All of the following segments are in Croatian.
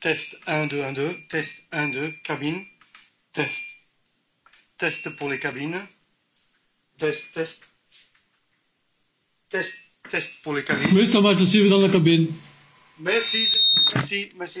test 1, 2, 1, 2, test 1, 2, cabine, test. Test pour les cabines. Test, test. Test, test pour les cabines. mais ça va je suis dans la cabine. Merci, merci, merci.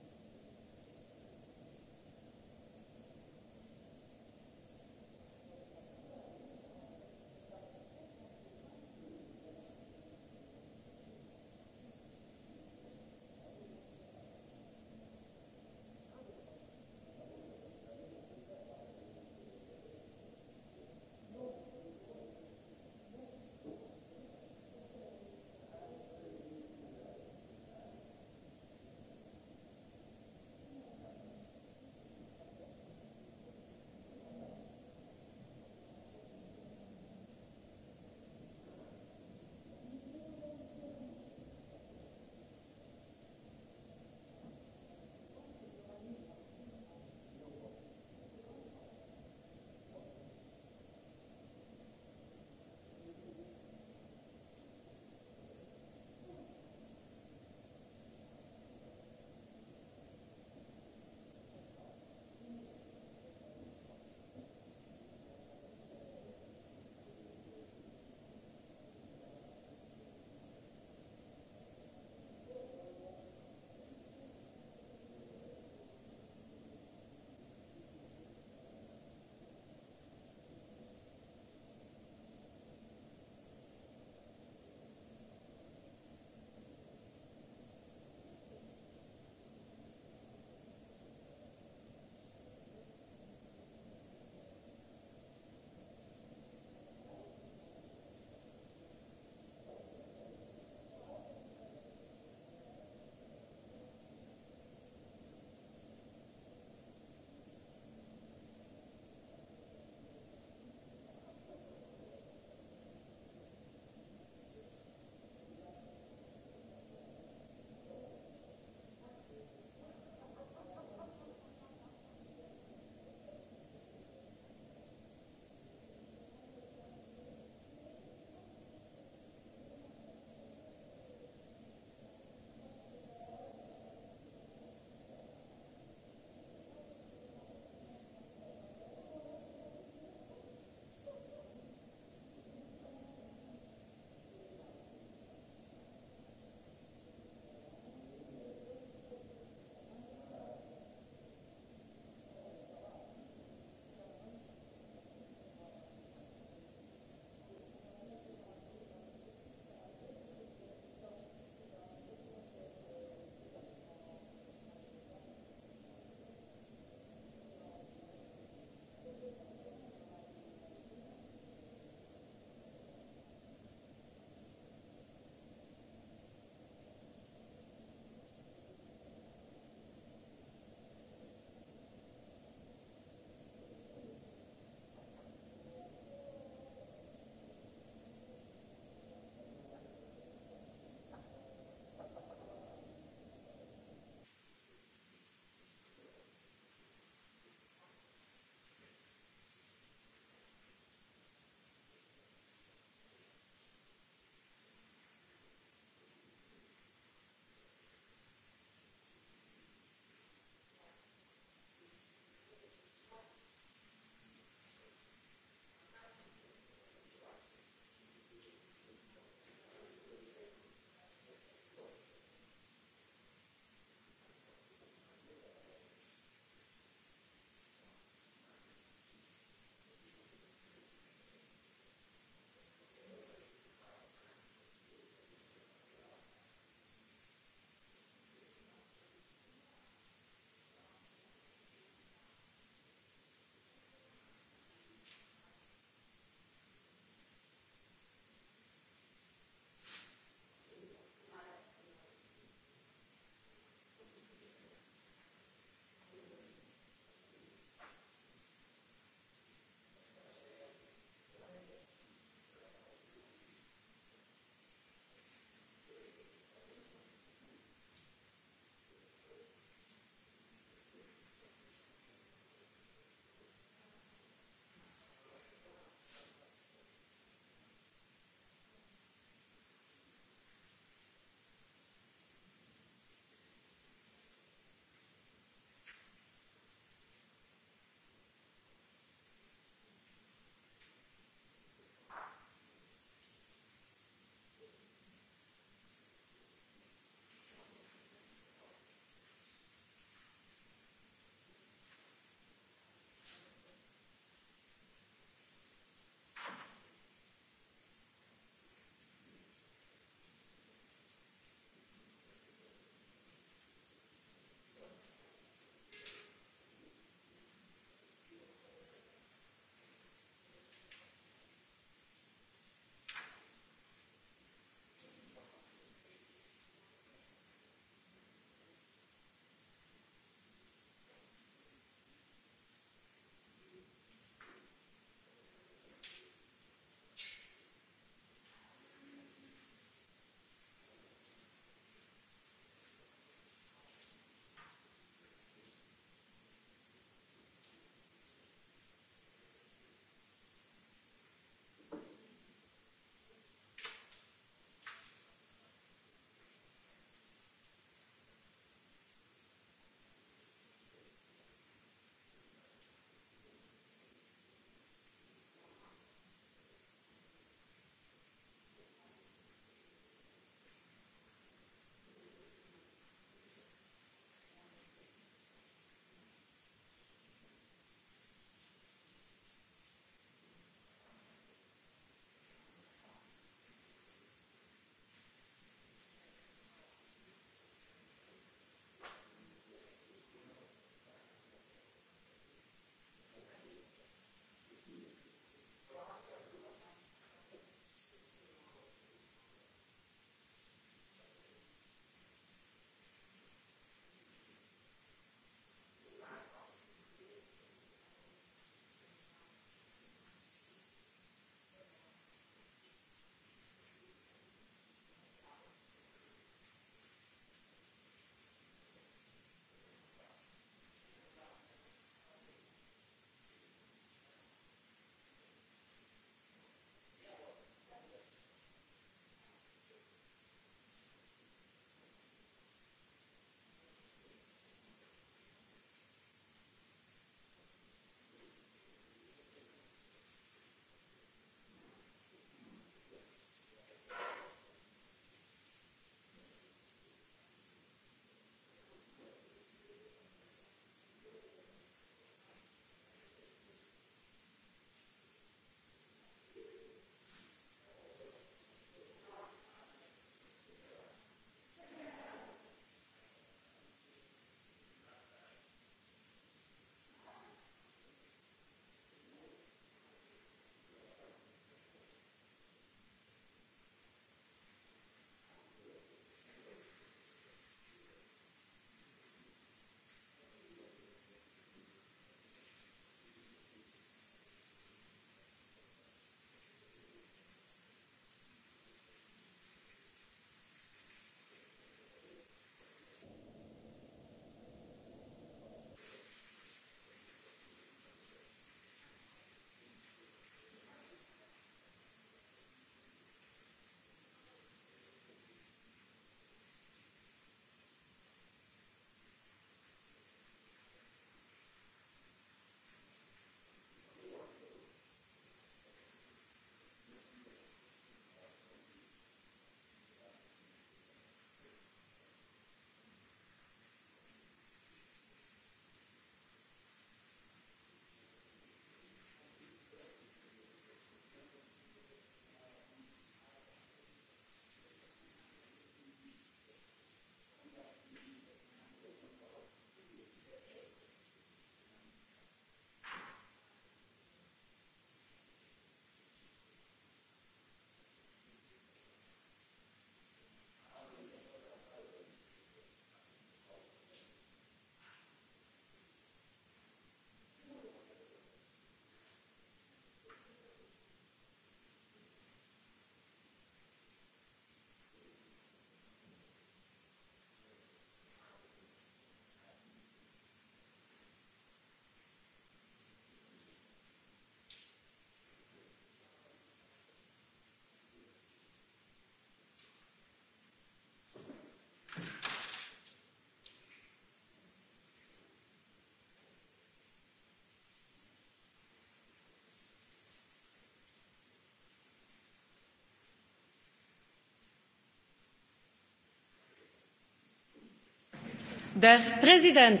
der präsident!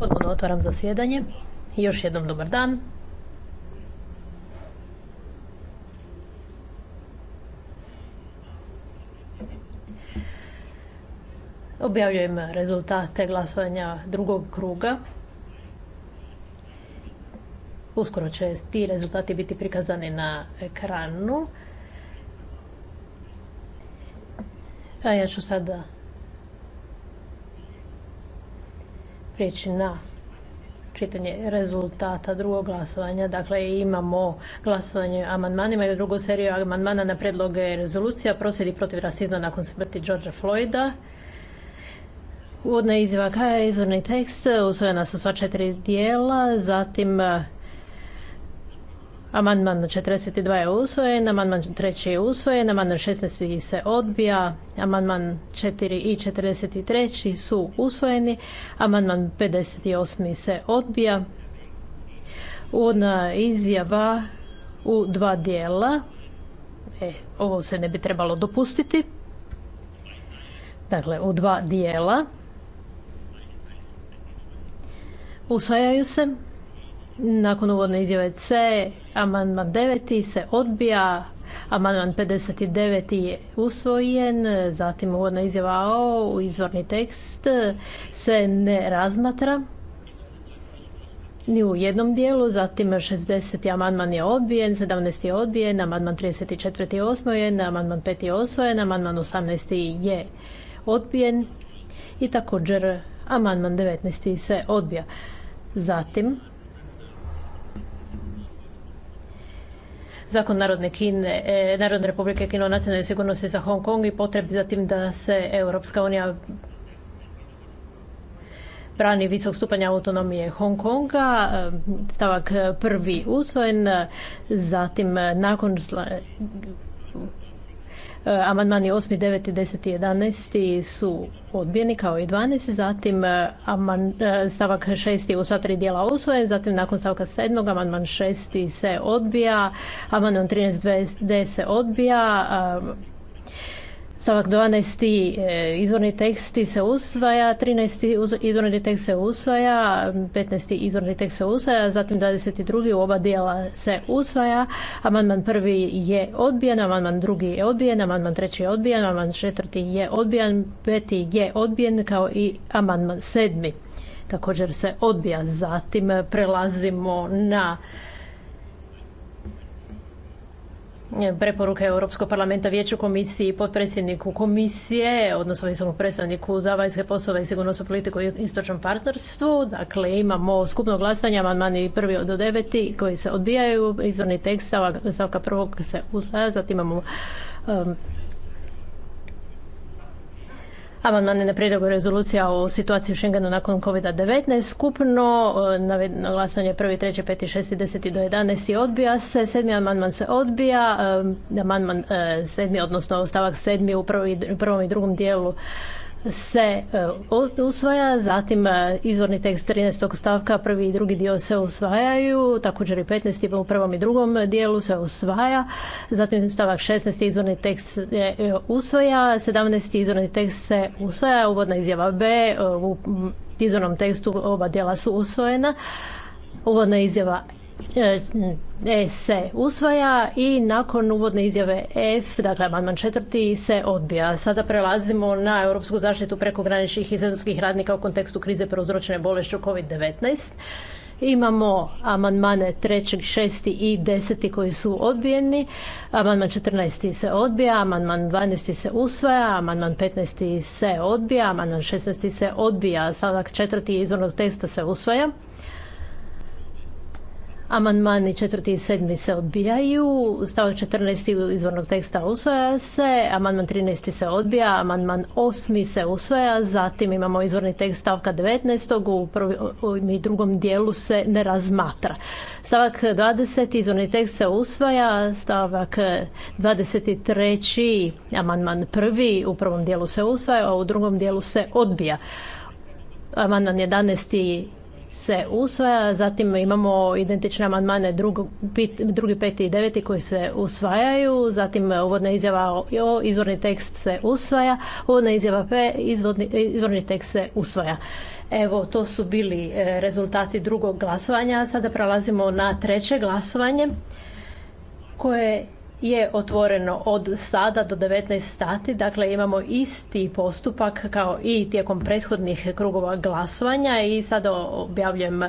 ponovno otvaram zasjedanje. još jednom dobar dan. objavljujem rezultate glasovanja drugog kruga Uskoro će ti rezultati biti prikazani na ekranu. A ja ću sada prijeći na čitanje rezultata drugog glasovanja. Dakle, imamo glasovanje amandmanima i drugu seriju amandmana na predloge rezolucija prosvjedi protiv rasizma nakon smrti Georgea Floyda. Uvodna izjava je izvorni tekst, usvojena su sva četiri dijela, zatim Amandman 42 je usvojen, amandman 3 je usvojen, amandman 16 se odbija, amandman 4 i 43 su usvojeni, amandman 58 se odbija. Uvodna izjava u dva dijela. E, ovo se ne bi trebalo dopustiti. Dakle, u dva dijela. Usvajaju se. Nakon uvodne izjave C, amandman 9. se odbija, amandman 59. je usvojen, zatim uvodna izjava O, izvorni tekst se ne razmatra ni u jednom dijelu, zatim 60. amandman je odbijen, 17. je odbijen, amandman 34. je osvojen, amandman 5. je osvojen, amandman 18. je odbijen i također amandman 19. se odbija. Zatim, zakon Narodne, Kine, e, Narodne republike Kino nacionalne sigurnosti za Hong Kong i potrebi za tim da se Europska unija brani visok stupanja autonomije Hong Konga, e, stavak prvi usvojen, zatim nakon Eh, amandmani 8, 9, 10 i 11 su odbijeni kao i 12. Zatim eh, eh, stavak 6 u sva tri dijela usvojen. Zatim nakon stavka 7. amandman 6 se odbija. Amandman 13, 2D se odbija. Stavak 12. Eh, izvorni tekst se usvaja, 13. izvorni tekst se usvaja, 15. izvorni tekst se usvaja, zatim 22. u oba dijela se usvaja, amandman prvi je odbijen, amandman drugi je odbijen, amandman treći je odbijen, amandman četvrti je odbijen, peti je odbijen kao i amandman sedmi. Također se odbija, zatim prelazimo na preporuke Europskog parlamenta Vijeću komisiji potpredsjedniku komisije, odnosno visokom predstavniku za vanjske poslove i sigurnosnu politiku i istočnom partnerstvu. Dakle, imamo skupno glasanje, amandmani prvi od deveti koji se odbijaju, izvorni tekst stavka prvog se usvaja, zatim imamo um, amandmane na prijedlog rezolucija o situaciji u Schengenu nakon COVID-19 skupno, e, na glasanje 1, 3, 5, 6, 10 do 11 i odbija se, sedmi amandman se odbija, e, amandman e, sedmi, odnosno stavak sedmi u prvom i drugom dijelu se e, usvaja, zatim e, izvorni tekst 13. stavka, prvi i drugi dio se usvajaju, također i 15. u prvom i drugom dijelu se usvaja, zatim stavak 16. izvorni tekst se e, usvaja, 17. izvorni tekst se usvaja, uvodna izjava B u izvornom tekstu oba dijela su usvojena, uvodna izjava E, e se usvaja i nakon uvodne izjave F, dakle amandman četvrti se odbija. Sada prelazimo na europsku zaštitu prekograničnih sezonskih radnika u kontekstu krize prouzročene bolešću COVID-19. Imamo amandmane 3., 6. i 10. koji su odbijeni. Amandman 14. se odbija, amandman 12. se usvaja, amandman 15. se odbija, amandman 16. se odbija, stavak 4. izvornog testa se usvaja. Amandmani četvrti i sedmi se odbijaju, stavak 14. izvornog teksta usvaja se, amandman 13. se odbija, amandman osmi se usvaja, zatim imamo izvorni tekst stavka 19. u prvom i drugom dijelu se ne razmatra. Stavak 20. izvorni tekst se usvaja, stavak 23. amandman prvi u prvom dijelu se usvaja, a u drugom dijelu se odbija. Amandman 11 se usvaja, zatim imamo identične amandmane drugi, peti i deveti koji se usvajaju, zatim uvodna izjava o, izvorni tekst se usvaja, uvodna izjava P, izvorni tekst se usvaja. Evo, to su bili e, rezultati drugog glasovanja, sada prelazimo na treće glasovanje koje je otvoreno od sada do 19 sati, dakle imamo isti postupak kao i tijekom prethodnih krugova glasovanja i sada objavljujem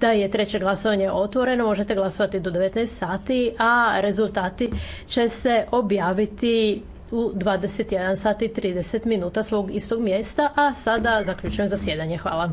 da je treće glasovanje otvoreno, možete glasovati do 19 sati, a rezultati će se objaviti u 21 sati 30 minuta svog istog mjesta, a sada zaključujem zasjedanje. Hvala.